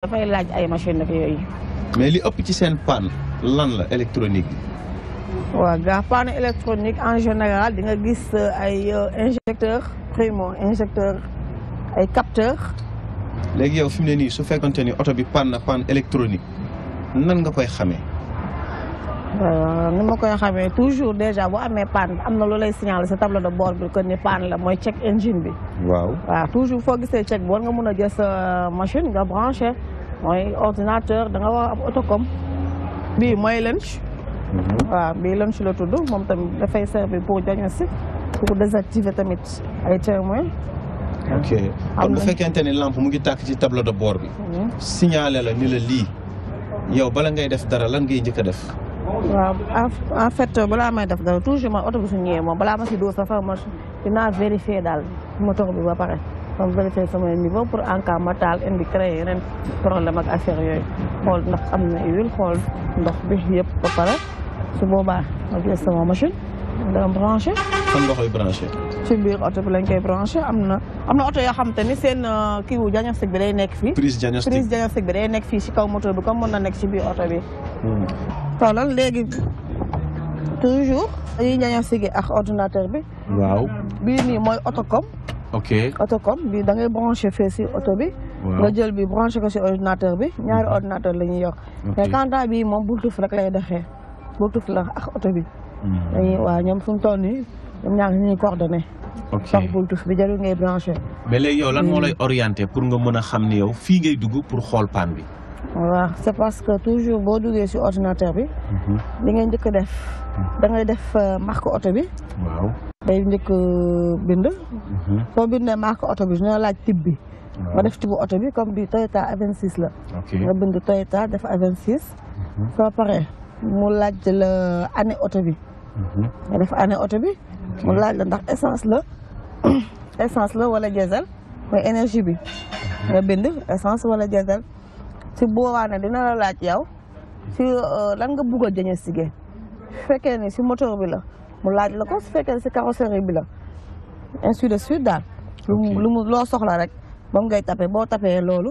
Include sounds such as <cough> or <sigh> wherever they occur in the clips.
dafay laaj ay machine nag yooyu. mais li ëpp ci seen panne lan la électronique bi. waaw gaa panne électronique en général di nga gis euh, ay euh, injecteur primo injecteur ay capteur léegi yow fi mu ne nii su fekkonte ni oto bi panne na panne électronique nan nga koy xamee. Euh, ni ma koy xamé toujours déjà bu mes panne amna na signaler sa tableau de bord bi que ni panne la moy check engine bi. waaw waaw toujours foo gisee check bool nga mëna a euh, machine nga branche, moy ordinateur da nga wa autocom bii mooy lunch. Mhm. waaw bii lunch la tudd moom tamit dafay servir pour diagnostic pour désactiver tamit ay témoins. ok kon bu fekkente ni lampe mu ngi tàkk ci tableau de bord bi. Mhm. signaler la ni la li. yow bala ngay def dara lan ngay njëkk def. waaw en fait balaa may def dara toujours man oto bi su ñëwee moom balaa ma si sa fa ma dinaa vérifier daal moteur bi ba pare comme vérifier sama niveau pour en cas ma taal indi créé yeneen problème ak affaire yooyu xool ndax am na huile xool ndox bi yëpp ba pare su boobaa ma jël sama machine dama branché. fan nga koy branché. ci biir oto bi lañ koy branché am na am na oto yoo xam te ni seen euh, kii wu bi day nekk fii. prise diagnostic bi day nekk fii si kaw moto bi comme mën na nekk ci biir oto bi. xoolal hmm. léegi toujours dañuy diagnostic ak ordinateur bi. waaw bii mooy Autocom. ok Autocom bii da ngay branché fee si oto bi. nga jël bi branché ko si ordinateur bi ñaari hmm. ordinateur la ñuy yokk. mais quant à bii moom Bluetooth rek lay doxee Bluetooth la ak oto bi. Hmm. dañuy waaw ñoom fu mu toll nii ñu ngi ok sax bultuf bi jarul ngay branché. mais léegi yow lan moo mm. lay orienté pour nga mën a xam ne yow fii ngay dugg pour xool paan bi. waaw c'est parce que toujours boo duggee si ordinateur bi. Mhm. li ngay njëkk def. Mhm. da ngay def euh, marque oto bi. waaw day njëkk euh, bind. ne mhm. bindee marque oto bi dina laaj type bi. nga def type oto bi comme bi Toyota A26 la. nga bind Toyota def A26. soo paree mu laaj la année oto nga def année oto bi. mu laaj la ndax essence la <clears throat> essence la wala diesel mooy énergie bi nga bind essence wala diesel si boobaa ne dina la laaj yow si euh, lan nga bugg a jëñe sigee su fekkee ni si moteur bi la mu laaj la ko su fekkee ni si carrosserie bi la ainsi de suite daal lu mu loo soxla rek moom ngay tapé boo tapé loolu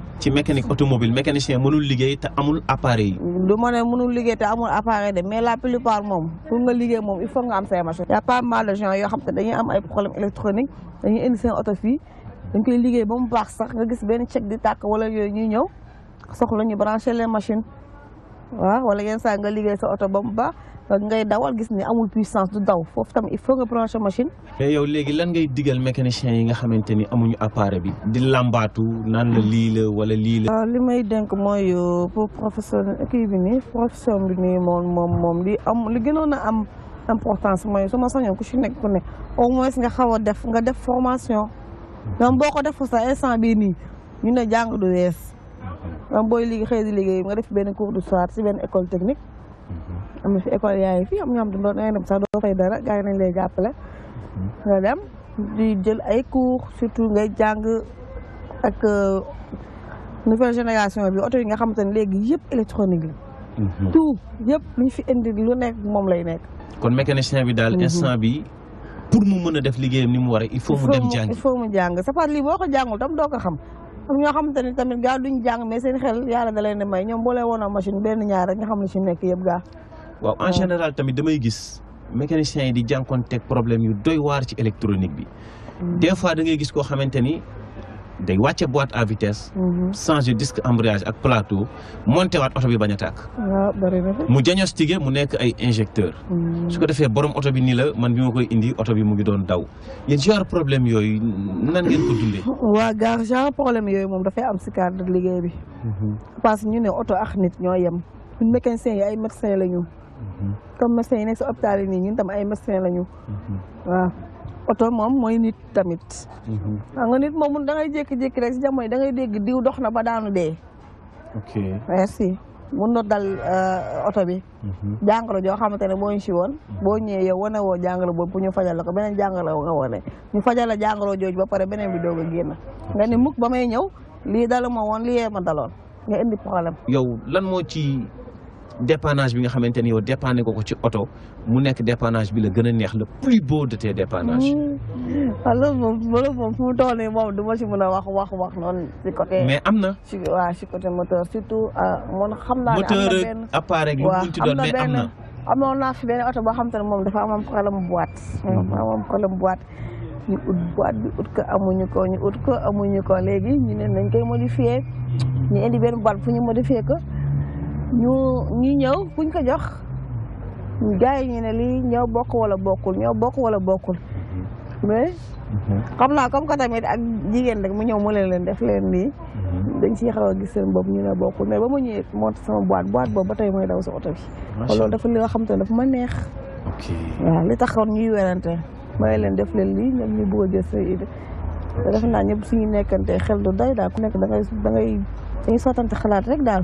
ci mécanique automobile mécanicien mënul liggéey té amul appareil du ma mënul liggéey té amul appareil dé mais la plupart mom pour nga liggéey mom il faut nga am say machine y a pas mal de gens yo xam te dañuy am ay problème électronique dañuy indi sen auto fi dañ koy liggéey ba mu baax sax nga gis ben check di tak wala yoy ñuy ñëw soxla ñu branché les machines wa wala yeen saa nga liggéey sa auto ba mu baax ngay dawal gis ni amul puissance du daw foofu tam il faut nga branché machine. mais yow léegi lan ngay digal mécanicien yi nga xamante ni amuñu appareil bi di lambaatu naan la lii la wala lii la. Euh, li may denk mooy euh, pour professeur kii bi nii professeur bi nii moom moom moom li am gënoon a am importance mooy suma ma ku si nekk ku ne au moins nga xaw a def nga def formation. donc boo ko defu sa instant bii nii ñu ne jàng du wees. donc mm-hmm. booy liggéey xëy di liggéey nga def benn cours si benn école technique. am na fi école yaay fii am ñoo xam te doon ngay dem sax doo fay dara gars yi nañ lay jàppale nga dem di jël ay cours surtout ngay jàng ak nouvelle génération bi oto yi nga xamante ne léegi yëpp électronique tout yëpp lu ñu fi indi lu nekk moom lay nekk kon mécanicien bi daal instant bi pour mu mën a def liggéeyam ni mu war a il faut mu jàng il faut sa part lii boo ko jàngul tam doo ko xam am ñoo xamante ne tamit gaa duñ jàng mais seen xel yàlla da leen di may ñoom boo leen woon machine benn ñaar rek nga xam ne ci nekk yëpp waaw en oh. général tamit damay gis mécanicien yi di jànkoonteeg problème yu doy waar ci électronique bi mm-hmm. des fois da ngay gis koo xamante ni day wàcce boîte à vitesse mm-hmm. changer disque embrayage ak plateau monté waat oto bi bañ a tàkk ah, mu diagnostiqué mu nekk ay injecteur mm-hmm. su ko defee borom oto bi nii la man bi koy indi oto bi mu ngi doon daw yéen genre problème yooyu nan ngeen ko dundee <laughs> wa gaar genre problème yooyu moom dafay am si cadre liggéey bi parce que ñu ne oto ak nit ñoo yem ñun mécanicien yi ay médecin la Mm-hmm. comme médecin yi nekk si hôpital nii ñun tam ay médecin lañu mm-hmm. waaw oto moom mooy nit tamit mm-hmm. xam nit moom da ngay jékki-jékki rek si jamono da ngay dégg diw dox na ba daanu dee ok merci mun na dal euh, oto bi jàngoro joo xamante ne boo ñu si woon boo ñëwee yow woo jàngoro boobu ñu fajal la ko beneen jàngoro nga wane ñu fajal jàngoro jooju ba pare beneen bi doog a génn nga ni mukk ba may ñëw lii dalu ma woon lii yee ma daloon nga indi problème yow lan moo ci dépannage bi nga xamante ni yow dépanné ko ko ci oto mu nekk dépannage bi la gën a neex le plus beau de tes dépannages. waaw mm. ah, loolu moom loolu moom fu mu toll nii moom du ma si mën a wax wax wax noonu. si côté mais am na. si waaw si côté moteur surtout ah, man xam naa ne am na benn moteur appareil lu mu ci doon mais am na. amoon naa fi benn oto boo xam te ne moom dafa amoon problème boîte. moom mm-hmm. amoon problème boîte. ñu ut boîte bi ut ko amuñu ko ñu ut ko amuñu ko léegi ñu ne nañ koy modifié ñu indi benn boîte fu ñu modifié ko. ñu ñu ñëw kuñ ko jox gars yi ñu ne lii ñoo bokk wala bokkul ñoo bokk wala bokkul mais xam naa comme que tamit ak jigéen rek mu ñëw mu leen leen def leen nii dañ ciy xaw a gis seen bopp ñu ne bokkul mais ba ma ñëwee monté sama boîte boîte boobu ba tey mooy daw sa oto bi loolu dafa li nga xam te ne dafa ma neex waaw li taxoon ñuy werante may leen def leen lii ñoom ñu bëgg a jël say idée te def naa ñëpp suñu nekkante xel du doy daal ku nekk da ngay da ngay dañuy sottante xalaat rek daal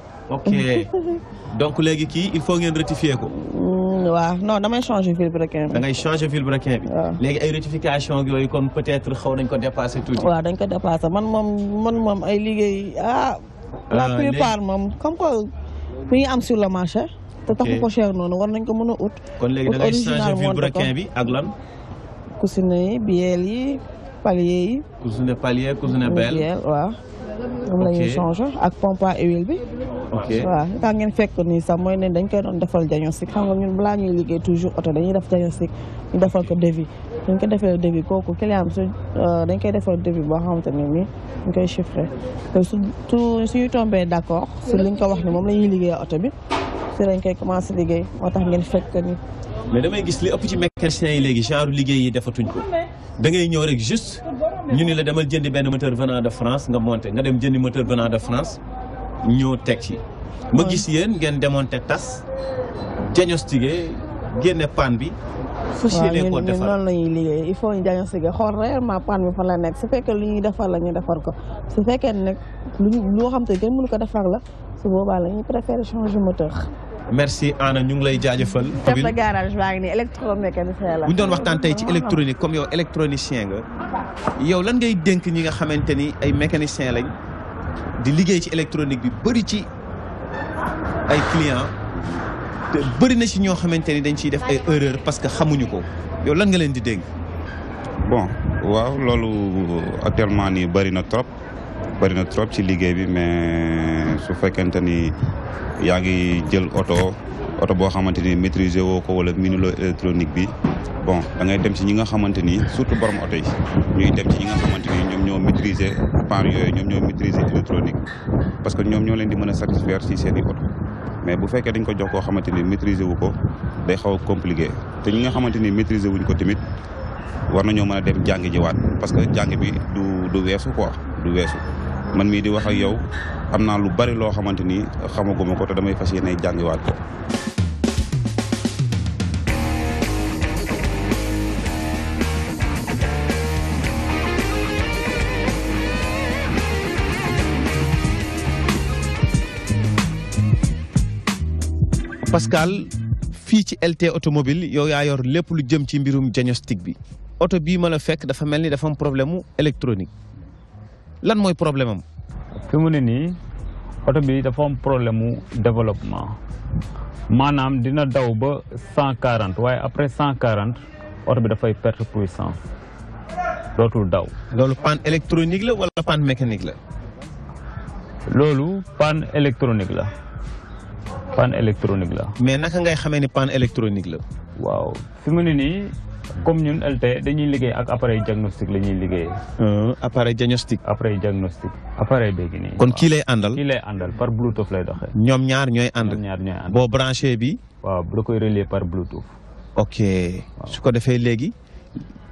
ok <laughs> donc léegi kii il faut ngeen rectifier ko. Mm, waaw non damay changer fil brequin bi. da ngay changer fil brequin bi. léegi ay rectification yooyu kon peut-être xaw nañ ko dépassé tuuti. waaw dañ ko dépassé man moom man moom ay liggéey ah. ah la plupart moom comme que bu ñu am sur le marché. te taxu ko noonu war nañ ko mën a ut. kon léegi da ngay changer fil brequin bi ak lan. yi biel yi palier yi. cousine palier cousine belle waaw. moom la ñuy changé pompe à huile bi. waaw fekk ni dañ koy defal nga ñun toujours oto dañuy def ko dañ client dañ koy defal euh, ne nii dañ koy chiffré suñu tombee d' accord liñ ko wax ni bi si lañ koy commencé liggéey moo tax ngeen fekk ni mais damay gis li ëpp ci mécanicien yi yi defatuñ ko da juste ñu ni la demal jëndi ben moteur venant de France nga monté nga dem jëndi moteur venant de France ñoo teg ci. ma gis yeen ngeen démonté tas diagnostiqué génne panne bi. fas yéene ko défar waaw ñun noonu il faut ñu diagnostiqué xor réellement panne bi fa la nekk su fekkee lu ñuy défar la ñu défar ko su fekkee nag lu lo xam te kenn mënu ko défar la su boobaa la ñuy préféré changer moteur. merci Anna ñu ngi lay jaajëfal. chef de garage baa ngi nii électromécanicien la. bu ñu doon waxtaan tey ci électronique comme yow électronicien nga. yow lan ngay dénk ñi nga xamante ni ay mécanicien lañ di liggéey ci électronique bi bëri ci ay client te bëri na ci ñoo xamante ni dañ ciy def ay erreur parce que xamuñu ko yow lan nga leen di dénk. bon waaw loolu actuellement nii bëri na trop. bari na trop ci liggéey bi mais su fekkente ni yaa ngi jël oto oto boo xamante ni maîtriser woo ko wala minuloo électronique bi bon dangay ngay dem ci ñi nga xamante ni surtout borom oto yi dem ci ñi nga ñoom ñoo maîtriser yooyu ñoom ñoo maîtriser électronique parce que ñoom ñoo leen di mën a satisfaire ci seen i oto mais bu fekkee dañ ko jox koo xamante ni maîtriser wu ko day xaw a compliqué te ñi nga xamante ni maîtriser wuñ ko tamit war nañoo mën dem jàngi jiwaat parce que jàng bi du du weesu quoi du weesu man mi di wax ak yow amna lu bari lo xamanteni xamaguma ko te damay fasiyene jangi wat ko. Pascal fi ci LT automobile yow ya yor lepp lu jëm ci mbirum diagnostic bi auto bi mala fekk dafa melni dafa am problème électronique. lan mooy problème fi mu ne nii oto bi dafa am problème mu développement maanaam dina daw ba cent quarante waaye après cent quarante oto bi dafay perte puissance dootul daw. loolu panne électronique la wala panne mécanique la. loolu panne électronique la panne électronique la. mais naka ngay xamee ni panne électronique la. waaw fi mu ne nii. comme ñun LT dañuy liggéey ak appareil diagnostic la ñuy liggéey. Euh, appareil diagnostic. appareil diagnostic appareil bee gi kon kii lay àndal kii lay àndal par bluetooth lay doxee. ñoom ñaar ñooy ànd. ñoom ñaar ñooy ànd boo branché bi. waaw bu koy relier par bluetooth. ok su ko defee léegi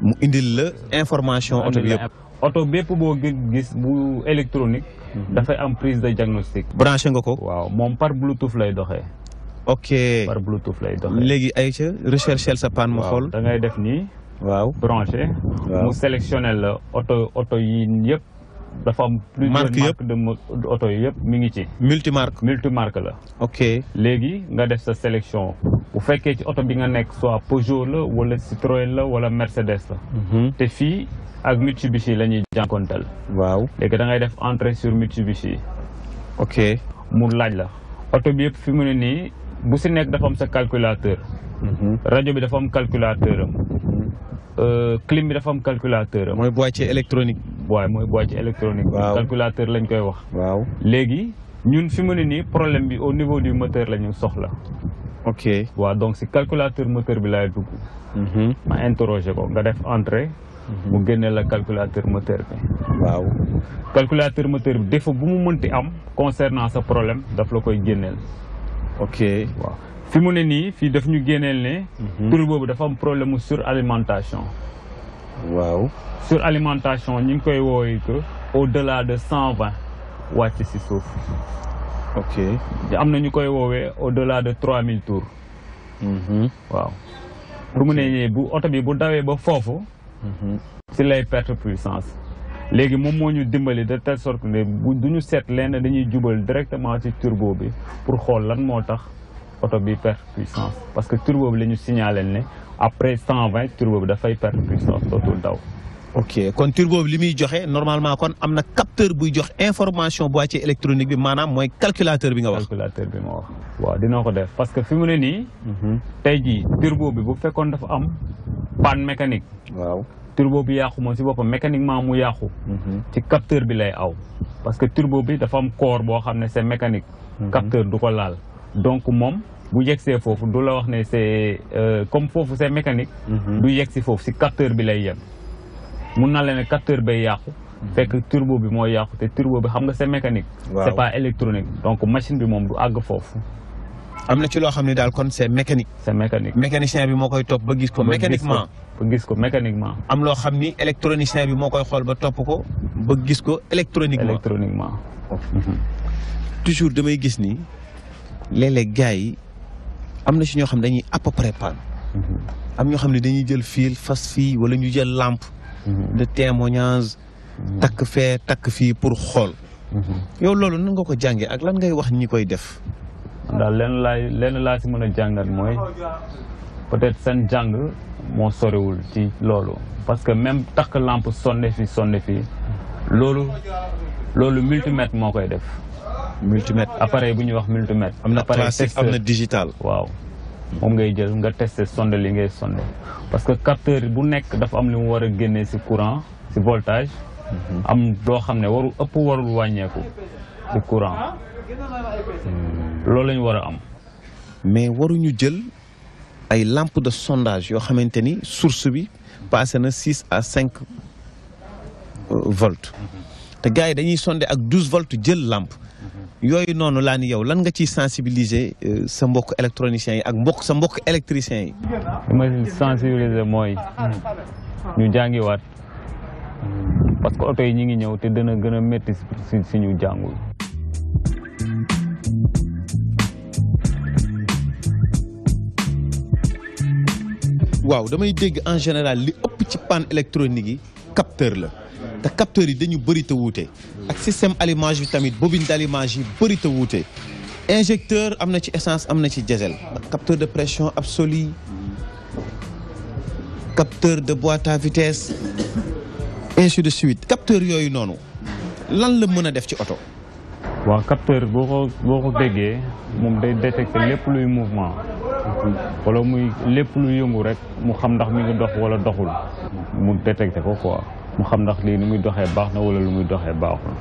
mu indil la information. oto bi yëpp bépp boo gis bu électronique. Mhm. dafay am prise de diagnostic. branché nga ko. moom par bluetooth lay doxee. ok par bluetooth lay doxee. léegi ay ca recherchel sa paan mo xol da ngay def ni waaw branché. waaw mu sélectionné la auto oto yi yëpp. dafa am plusieurs marque de auto yi yëpp mi ngi ci. multimarque multimarque la. ok légui nga def sa sélection bu fekkee ci auto bi nga nek soit Peugeot la wala Citroën la wala Mercedes la. Mhm. té fi ak Mitsubishi lañuy jankontal jànkonteel. waaw da ngay def entrée sur Mitsubishi. ok mu laaj la Auto bi yep fi mu ne ni bu si nekk dafa am sa calculateur. Mhm. rajo bi dafa am calculateur am. Mhm. Euh, clim bi dafa am calculateur mooy mooy boîtier électronique. waaye mooy boîtier électronique. waaw calculateur lañ koy wax. waaw léegi ñun fi mu ne nii problème bi au niveau du moteur la ñu soxla. ok waaw donc si calculateur moteur bi laay dugg. Mhm. ma interroger ko nga def entrée. mu génne la calculateur moteur bi. waaw calculateur moteur bi défaut bu mu mënti am concernant sa problème daf la koy génneel. ok waaw fi mu ne nii fii daf ñu génneel ne. Mhm. tur boobu dafa am problème mu suralimentation. waaw suralimentation ñu ngi koy woowee que au delà de cent vingt wàcc si suuf. ok am na ñu koy woowee au delà de trois mille tours. Mhm. waaw pour mu ne nii bu oto bi bu dawee ba foofu. si mhm. lay perte puissance. léegi moom moo ñu dimbali de tele sorte que du ñu seet lenn dañuy jubal directement ci turbo bi pour xool lan moo tax oto bi perte puissance parce que turbo bi la ñu signalé ne après 120 turbo bi dafay perte puissance dootul daw. ok kon turbo bi li muy joxe normalement kon am na capteur buy jox information boîtier électronique bi maanaam mooy calculateur bi nga wax. calculateur bi ma wax. waaw dina ko def parce que fi mu ne nii. Mhm. tey jii turbo bi bu fekkoon dafa am panne mécanique. waaw. turbo bi yàqu moom si boppam mécaniquement mu yàqu. Mhm. ci capteur bi lay aw. parce que turbo bi dafa am corps boo xam ne c'est mécanique. Mhm. capteur du ko laal donc moom. bu yegsee foofu du la wax ne c'est euh, comme mhm. yegsi foofu si capteur bi lay yem. mun na la ne capteur bay yàqu. fekk turbo bi moo yàqu te turbo bi xam nga c'est mécanique. c'est pas électronique donc machine bi moom du àgg foofu. am na ci loo xam ne daal kon c'est mécanique. c'est mécanique mécanicien bi moo koy topp ba gis ko mécaniquement. ba gis ko mécaniquement. am loo xam ni électronicien bi moo koy xool ba topp ko ba gis ko électroniquement. électroniquement. Mhm. toujours damay gis ni léeg-léeg gars yi am na si ñoo xam ne dañuy à peu près panne am ñoo xam ne dañuy jël fil fas fii wala ñu jël lampe. Mhm. de témoignage. Mhm. takk fee takk fii pour xool. yow loolu nan nga ko jàngee ak lan ngay wax ñi koy def. daal lenn laay laa si mën a jàngat mooy. peut-être seen jang mo sorewul ci lolu parce que même tak lampe sonne fi sonne fi lolu lolu multimètre moo koy def. multimètre appareil buñ wax multimètre. amna appareil classique am digital. waaw mom ngay jël nga testé sonde li ngay sonde parce que capteur bu nek dafa am limu wara war ci courant ci voltage. Mhm. am do xamné ne waru ëpp warul wàññeeku ci courant. Hmm. lolu lañ wara am. mais waruñu jël. ay lampe de sondage yoo xamante ni source bi passé na six à cinq euh, volte te gars yi dañuy sondé ak douze volte jël lampe yooyu noonu laa ni yow lan nga ciy sensibiliser euh, sa mbokk électroniciens yi ak mbokk sa mbokk électriciens yi. li ma sensibiliser mooy ñu jàngiwaat parce que oto yi ñu ngi ñëw te dana gën a métti si ñu jàngul. waaw je dégg en général les petits pan électroniques électronique yi capteur capteurs yi dañu bëri Les wuute ak système vitamine, bi bobine d'allumage yi bëri injecteur essence am diesel capteur de pression absolue capteur de boîte à vitesse Et ainsi de suite capteur yooyu noonu lan la mën a def ci oto. waaw capteur boo ko boo ko déggee les day mouvement. wala muy lépp lu yëngu rek mu xam ndax mu ngi dox wala doxul mu détecté ko quoi mu xam ndax lii ni muy doxee baax na wala lu muy doxee baaxul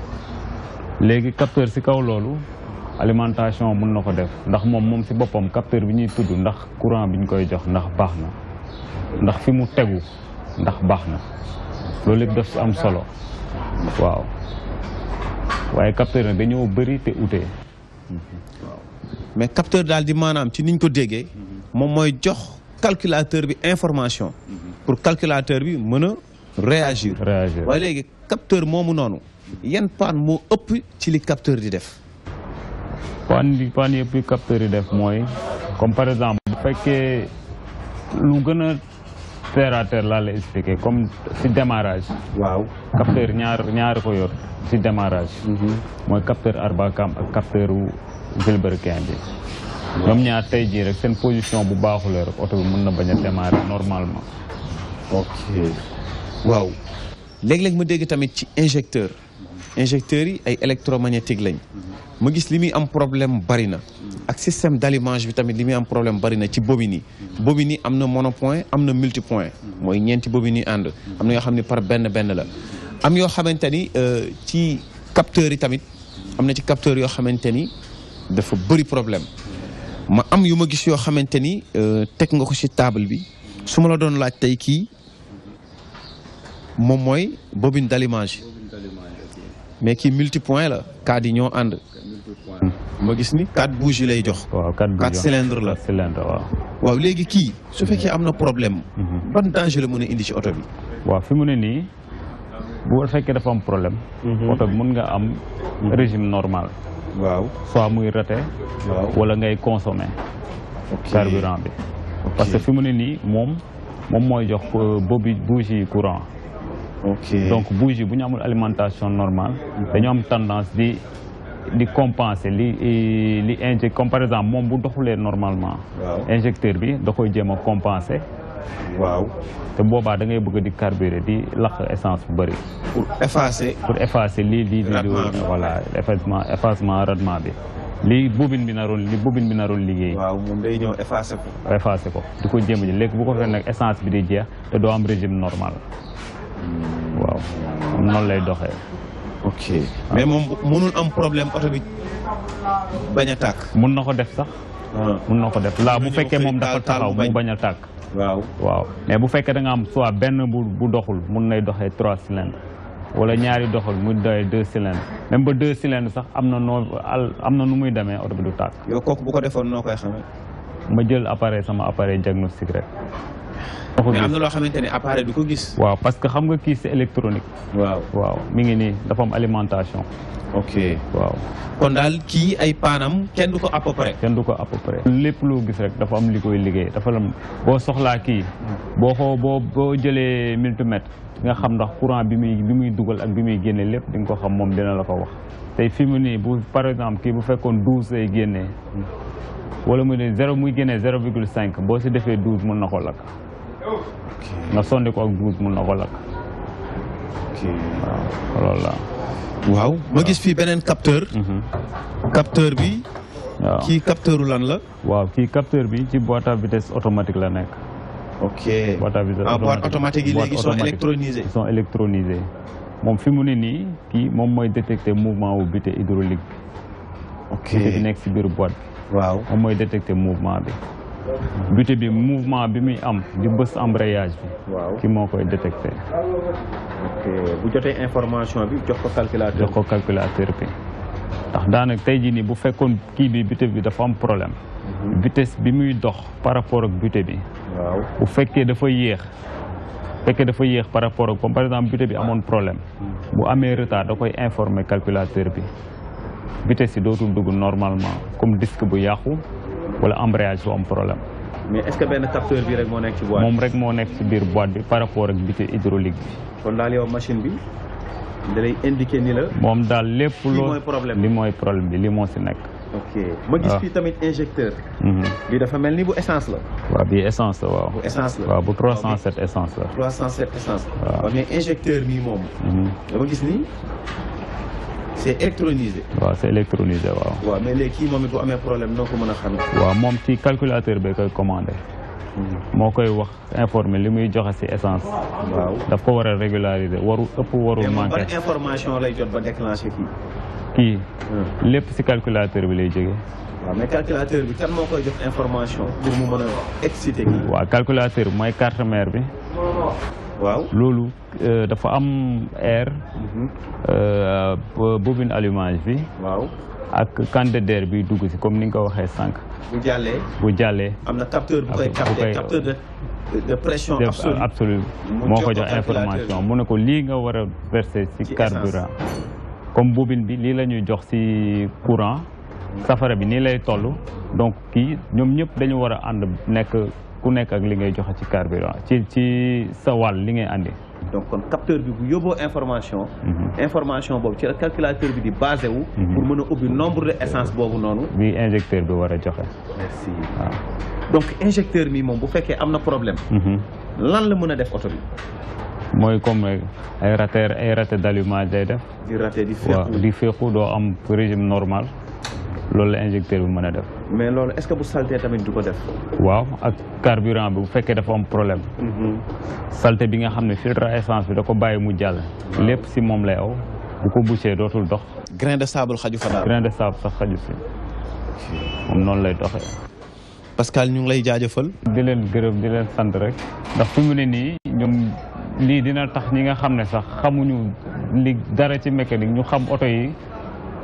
léegi capteur si kaw loolu alimentation mun na ko def ndax moom moom si boppam capteur bi ñuy tudd ndax courant bi ñu koy jox ndax baax na ndax fi mu tegu ndax baax na loolu lépp def si am solo waaw waaye capteur nag dañoo bari te ute mais capteur daal di maanaam ci niñ ko déggee hmm. moom mooy jox calculateur bi information. pour calculateur bi mën a réagir. réagir waaye léegi capteur moomu noonu. yan paan moo ëpp ci li capteur di def. paan bi paan yëpp yi capteur yi def mooy comme par exemple. bu fekkee lu gën a terre à terre laa expliqué comme si démarrage. waaw capteur ñaar ñaar ko si démarrage. Mhm. mooy capteur Arbacam ak capteur Vilebrequin bi. ñoom ñaar tey jii rek seen position bu baaxulee rek oto bi mën na bañ a démarrer normalement. ok waaw. léeg-léeg ma dégg tamit ci injecteur. injecteur yi ay électromagnétique lañ. ma gis li muy am problème bari na. ak système d'allumage bi tamit li muy am problème bari na ci bobini bobini bobine yi am na monopoint am na multipoint. mooy ñeenti bobine yi ànd. am na yoo xam ne par benn benn la. am yoo xamante ni euh, ci capteur yi tamit. am na ci capteur yoo xamante ni dafa bari problème. ma am yu ma gis yoo xamante ni euh, teg nga ko ci table bi su ma la doon laaj tey kii moom mooy bobine d'allumage mais kii point la kaat yi ñoo ànd. ma gis ni quatre bougies lay jox. waaw cylindre la waaw léegi kii su fekkee am na problème. Mhm. ban danger la mën a indi ci oto bi. waaw fi mu ne nii bu fekkee dafa am problème. Mhm. oto bi mën nga am mhm. régime normal. waaw soit muy raté. waaw wala ngay consommé. carburant bi. parce que fi mu ne nii moom moom mooy jox euh, boobu bougie courant. donc bougie bu ñu amul alimentation normal dañoo am tendance di di compenser li euh, li injecté comme par exemple moom bu doxulee normalement. injecteur bi da koy jéem a compenser. waaw te boobaa da ngay bëgg di carburé di lakk essence bu bëri. pour effacer. pour effacer lii lii di. di voilà effacement effacement rendement bi. lii bobine bi naroon li bobine bi naroon liggéey. waaw moom day ñëw effacer ko. effacer ko di ko jéem a léegi bu ko fekk nag essence bi di jeex te doo am régime normal hmm. waaw noonu lay doxee. ok mais moom mënul am problème oto bi bañ a tàkk. mun na ko def sax. Ah. mun na ko def laa bu fekkee moom dafa taxaw mu bañ a tàkk. waaw waaw mais bu fekkee da nga am soit benn bu bu doxul mun nay doxee trois cylindres wala ñaari doxul muy doxee deux cylindres même ba deux cylindres sax am na noo am na nu muy demee oto bi du tàkk. yow kook bu ko defoon noo koy xamee. ma jël appareil sama appareil diagnostic rek. mais am na loo xamante ne appareil du ko gis. waaw parce que xam nga kii c'est électronique. waaw waaw mi ngi nii dafa am alimentation. ok waaw. kon daal kii ay paanam kenn du ko à près. kenn du ko à près. lépp loo gis rek dafa am li koy liggéey dafa am boo soxlaa kii boo ko boo boo jëlee multimètre nga xam ndax courant bi muy bi muy dugal ak bi muy génne lépp di nga ko xam moom dina la ko wax tey fi mu nii bu par exemple kii bu fekkoon douze lay génnee wala mu ne zéro muy génnee zéro virgule cinq boo si defee douze mën na ko lakk. nga sondi ko mun na ko lakk waaw loolu ma gis fii beneen capteur mhm. capteur bi waaw kii capteur lan la waaw kii capteur bi ci boîte à vitesse automatique la nekk ok boîte à vitesse ah, automatique yi léegi sont électronisés moom fi mu ne nii kii moom mooy détecter mouvement wu buté bi ok bi nekk si biir boîte bi moom mooy détecter mouvement bi buté bi mouvement bi muy am di bës embrayage bi. ki moo koy détecté. bu jotee information bi jox ko calculateur jox ko calculateur bi. ndax daanaka tey jii nii bu fekkoon kii bi buté bi dafa am problème. Mhm. vitesse bi muy dox par rapport ak buté bi. bu fekkee dafa yéex. fekkee dafa yéex par rapport comme par exemple buté bi amoon problème. Mhm. bu amee retard da koy informer calculateur bi. vitesse si dootul dugg normalement comme disque bu yàqu. wala embrayage su am problème. mais est-ce que benn bi moo nekk moom rek moo nekk ci biir boîte bi par rapport ak biti hydraulique bi. kon daal yow machine bi da lay ni la. moom daal lépp loo li mooy problème bi li moo si nekk. ma gis ah. fii tamit injecteur. bi mhm. dafa mel ni bu essence la. waaw bi essence la waaw. bu essence la waaw bu 307 essence la. waaw mais injecteur bi moom. Mhm. dama gis ni. c'est électronisé. waaw c'est électronisé waaw. waaw mais léegi kii moom it bu amee problème noo ko mën a xamee. waaw moom ci calculateur bi koy commandé. Hmm. moo koy wax informé li muy joxe si essence. waaw daf ko war a régulariser waru ëpp warul manqué. ban information lay jot ba déclenché kii. kii hmm. lépp si calculateur bi lay jógee. waaw mais calculateur bi kan moo koy jox information pour mu mën a excité kii. waaw calculateur bi mooy carte mère bi. lolu euh, dafa am air mhm. euh, euh bobine allumage bi waaw ak quantité d'air bi dugg ci comme ni nga ko waxee sànq bu jàllee bu jàllee amna capteur bu koy capté capteur de de pression absolue absolue moko jox information mu ne ko lii nga wara verser ci carburant comme bobine bi li lañuy jox ci courant safara bi ni lay tollu donc ki ñom ñep dañu wara and nek ku nekk ak li ngay joxe ci carburant ci ci sa wàll li ngay andi. donc kon capteur bi bu yóbboo information. Mhm. information boobu ci la calculateur bi di basé wu. Mhm. pour mën a ubbi nombre de essence boobu noonu. bi injecteur bi war a joxe. Ah. donc injecteur mi moom bu fekkee am na problème. Mhm. lan la mën a def oto bi. mooy comme ay raté ay raté d'allumage day def. di raté di di féqu doo am régime normal loolu la injecteur bi mën a def. mais loolu est-ce que bu salté tamit du ko def. waaw ak carburant bi bu fekkee dafa am problème. Mhm. salté bi nga xam ne filtre à essence bi da ko bàyyi mu jàll. lépp si moom lay aw bu ko dootul dox. grain de sable xaju fa de sable sax xaju si moom noonu lay doxee. Pascal ñu ngi lay jaajëfal. di leen gërëm di leen sant rek. ndax fi mu ne nii ñoom lii dina tax ñi nga xam ne sax xamuñu li dara ci mécanique ñu xam oto yi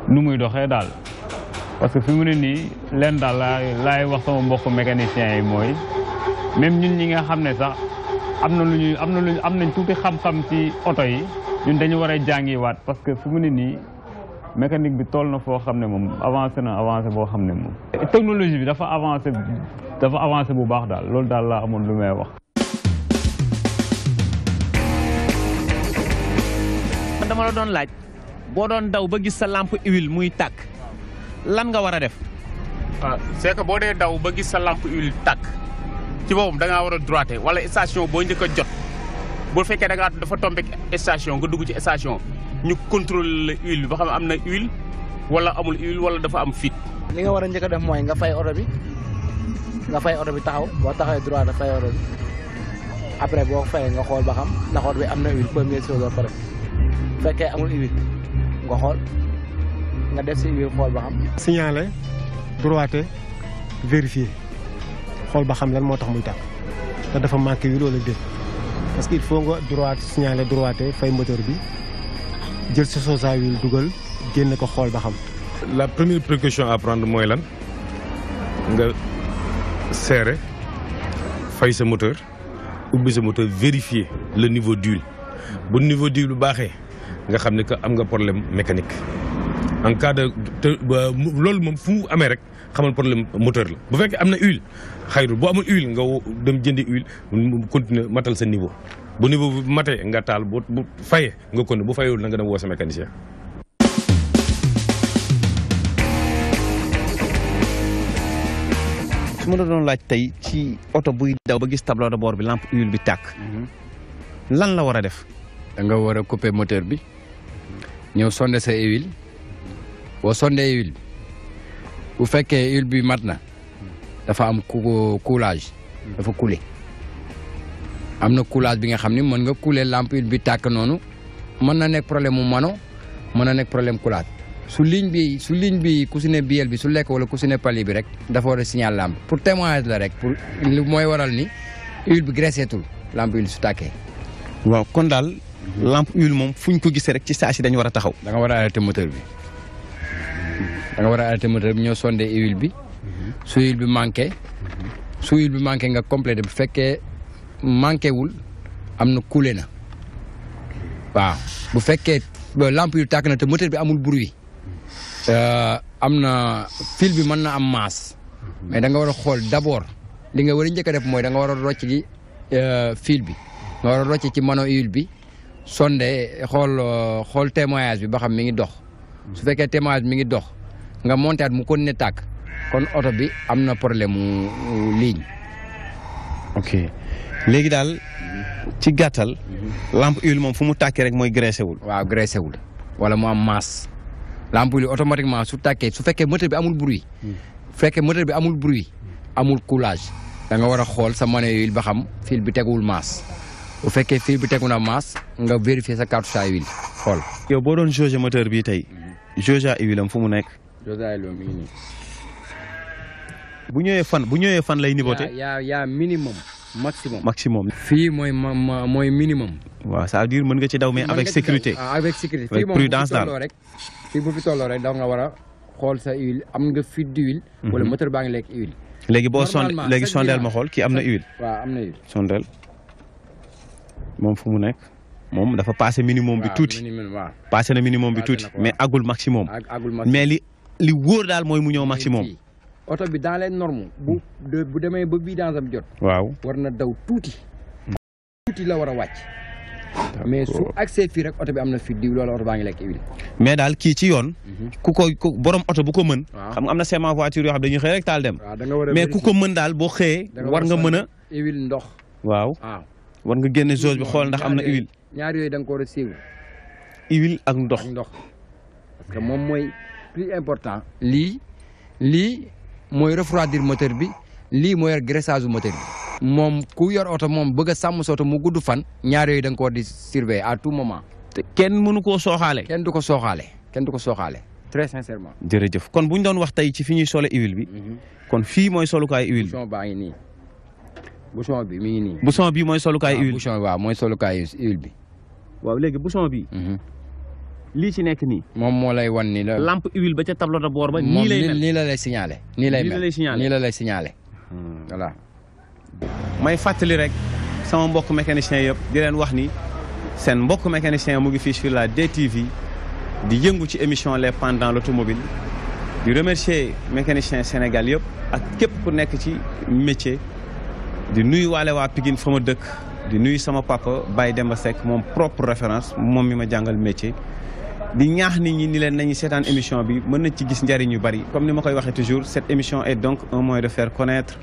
nu muy doxee daal. parce que fi mu ne nii leen daal laay wax sama mbokk mécaniciens yi mooy même ñun ñi nga xam ne sax am na lu ñu am na lu am nañ tuuti xam-xam ci oto yi ñun dañu war a jàngiwaat parce que fi mu ne nii mécanique bi toll na foo xam ne moom avancé na avancé boo xam ne moom. technologie bi dafa avancé dafa avancé bu baax daal loolu daal laa amoon lu may wax. doon laaj boo doon daw ba gis sa muy tàkk. lan nga war a def. waaw ah, c'est boo dee daw ba gis sa lampe huile tàkk ci boppam da war a droité wala station boo njëkk jot bu fekkee da ngaa dafa tombé station nga dugg ci station ñu contrôler la huile bi ba xam am na huile wala amul huile wala dafa am fit li nga war a njëkk def mooy nga fay oto bi nga fay oto bi taxaw boo taxawee droit daf fay oto bi après boo fayee nga xool ba xam ndax oto bi am na huile premier chose fekkee amul huile nga xool. nga def sa huile xool ba xam. signalé droité vérifié xool ba xam lan moo tax muy tàkk te dafa manqué huile wala déet parce que il faut nga droit signalé droité fay moteur bi jël sa sosa huile dugal génn ko xool ba xam. la première précaution à prendre mooy lan nga serré fay sa moteur ubbi sa moteur vérifier le niveau d'huile bu niveau d'huile bu baaxee nga xam ne que am nga problème mécanique. en cas lool moom fu amee rek xamal problème moteur la bu fekkee am na huile xayrul boo amul huile nga dem jëndi huile continuer matal sa niveau bu niveau bi matee nga taal bu bu fayee nga continuer bu fayewul na nga dem woo sa mécanicien. su doon laaj tey ci oto buy daw ba gis tableau de bord bi lampe huile bi tàkk. Mhm. lan la war a def. danga nga war a couper moteur bi ñëw sonde sa huile. boo sondee huile bi bu fekkee huile bi mat na dafa am coulage dafa couler am na coulage bi nga xam ni mën nga couler lampe huile bi tàkk noonu mën na nekk problème mu mano mën na nekk problème coulage su ligne bi su ligne bi ku si ne biel bi su lekk wala ku si ne pali bi rek dafa war a signal lampe pour témoignage la rek pour li mooy waral ni huile bi graisseetul lampe huile su tàkkee. waaw kon daal lampe huile moom fu ñu ko gisee rek ci saa si dañu war a taxaw. da nga war a arrêté moteur bi. da war a arrêté moteur bi ñoo sondé huile bi su huile bi manqué su huile bi manqué nga complété bu fekkee manqué wul am na coulé na waaw bu fekkee lampe yu tàkk na te moteur bi amul bruit euh, am na fil bi mën na am masse mais da nga war a xool d'abord li nga war a njëkk a def mooy da nga war a rocc ci euh, fil bi nga war a rocc ci mano huile bi sonde xool euh, xool témoignage bi ba xam mi ngi dox su fekkee témoignage mi ngi dox nga montaat mu kon ne tàkk kon oto bi am na problème mu ligne. ok léegi daal ci gàttal. Mhm. lampe huile moom fu mu tàkkee rek mooy graissé wul. waaw graissé wul wala mu am masse lampe huile automatiquement su tàkkee su fekkee moteur bi amul bruit. Hmm. su fekkee moteur bi amul bruit amul coulage. da nga war a xool sa mane ba xam fil bu tegul masse bu fekkee fil bu tegu na masse nga vérifier sa cartouche à huile xool. yow boo doon jauger moteur bii tey mhm. jauger à huile am fu mu nekk. Those are your bu ñëwee fan bu ñëwee fan lay nivoté. Ya ya minimum maximum. maximum. Fi moy moy minimum. Wa, ça veut dire mën nga ci daw mais ah, avec sécurité. avec sécurité Fi moom prudence dal. Fi bu fi tolloo rek daw nga wara xol sa huile am nga fi d'huile. Mhm. wala moteur ba nga lek huile. Légui bo son légui sondel ma xol ki amna huile. Wa, amna na huile. sondeel moom fu mu nekk. moom dafa passé minimum bi touti minimum waaw. passé na minimum bi touti mais agul maximum. agul maximum mais li. li wóor daal mooy mu ñëw maximum. oto bi dans les normes bu bu demee ba bii dans am jot. waaw war na daw tuuti. tuuti la war a wàcc. mais su accès fii rek oto bi am na fii diw loolu ngi lekk huile. mais daal kii ci yoon. Mhm. ku ko ku borom oto bu ko mën. xam nga am na seulement voiture yoo xam dañuy xëy rek taal dem. mais ku ko mën daal boo xëyee. war nga mën a ndox. waaw war nga génne jauge bi xool ndax am na huile. ñaar yooyu da nga war a siiw. huile ak ndox. ndox parce que moom mooy. plus important Li, li, mooy refroidir moteur bi li mooy yor graissage moteur bi. moom ku yor oto moom bëgg a sàmm sa oto fan ñaar yooyu da nga ko war à tout moment. Ken kenn ko koo Ken kenn du ko sooxaale kenn du ko sooxaale. très sincèrement. jërëjëf kon bu ñu doon wax tey ci fi ñuy sole huile bi. Mhm. kon fii mooy solukaay huile bi. bouchon baa ngi bouchon bi mini. ngi nii. bouchon ah, bi mooy solukaay huile. waaw bouchon waaw solo solukaay huile bi. Wa waaw léegi bouchon bi. Mhm li ci nek ni mom mo lay wone ni la. lampe huile ba ca tableau de bord ba. ni lay mel la lay signaler ni lay mel la lay signaler hmm. voilà. may fàttali rek sama mbokk mécanicien yeb di len wax ni sen mbokk mécanicien mu ngi fii sur la DTV di yeungu ci émission les pendant l'automobile di remercier mécanicien Sénégal yeb ak kep ku nek ci métier di nuyu walé wa pigine fa deuk di nuyu sama papa Baye Demba sek mom propre référence mom mi ma le métier émission comme nous le koy toujours cette émission est donc un moyen de faire connaître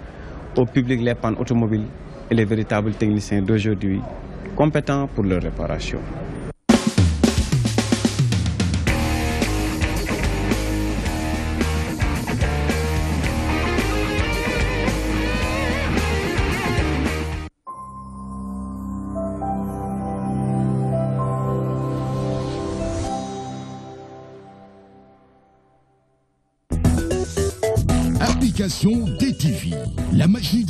au public les pannes automobiles et les véritables techniciens d'aujourd'hui compétents pour leur réparation.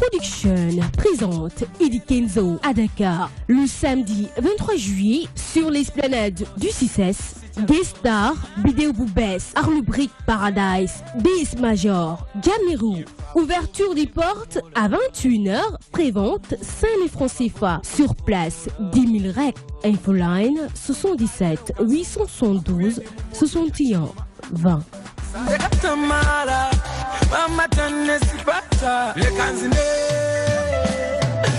Production présente Eddie Kenzo à Dakar le samedi 23 juillet sur l'esplanade du 6S. Guest star, Bidéo Boubès, Arlubric Paradise, BS Major, Jamirou. Ouverture des portes à 21h, prévente saint 000 Sur place, 10 000 rec. Infoline 77 872 61 20. tamara vamatane sipata lekanzine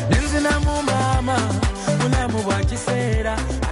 nenzina mumama mulamu bwa kiseera